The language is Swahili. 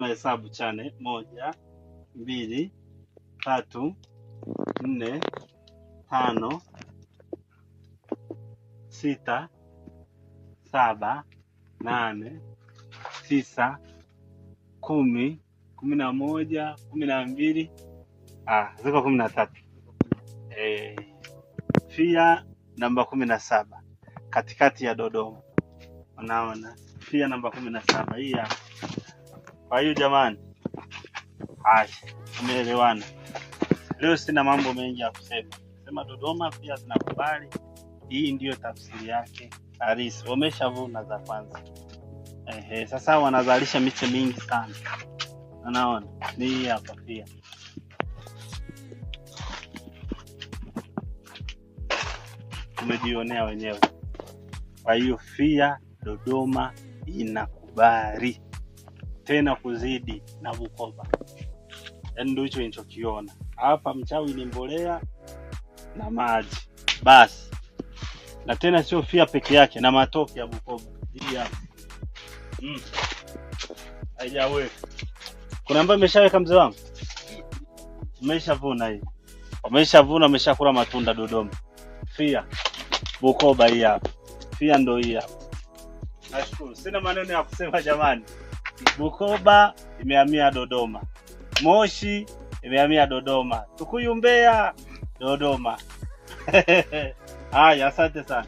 Mahesabu chane: moja, mbili, tatu, nne, tano, sita, saba, nane, tisa, kumi, kumi na moja, kumi na mbili, ah, ziko kumi na tatu. E, fia namba kumi na saba katikati ya Dodoma, unaona fia namba kumi na saba hii hapa. Kwa hiyo jamani, haya tumeelewana. Leo sina mambo mengi ya kusema, sema Dodoma pia zinakubali. Hii ndiyo tafsiri yake halisi, wameshavuna za kwanza. Ehe, sasa wanazalisha miche mingi sana, unaona ni hii hapa pia umejionea wenyewe. Kwa hiyo FIA Dodoma inakubali tena kuzidi na Bukoba. yani ndio hicho nilichokiona hapa, mchawi ni mbolea na maji basi, na tena sio fia peke yake na matoke ya Bukoba hii hapa mm. Aija kuna ambayo imeshaweka mzee wangu, umeshavuna hii, umeshavuna umeshakula matunda Dodoma, fia Bukoba hii hapa, fia ndo hii hapa. Nashukuru, sina maneno ya kusema jamani. Bukoba imehamia Dodoma, Moshi imehamia Dodoma, Tukuyu Mbeya, Dodoma. Haya, asante sana.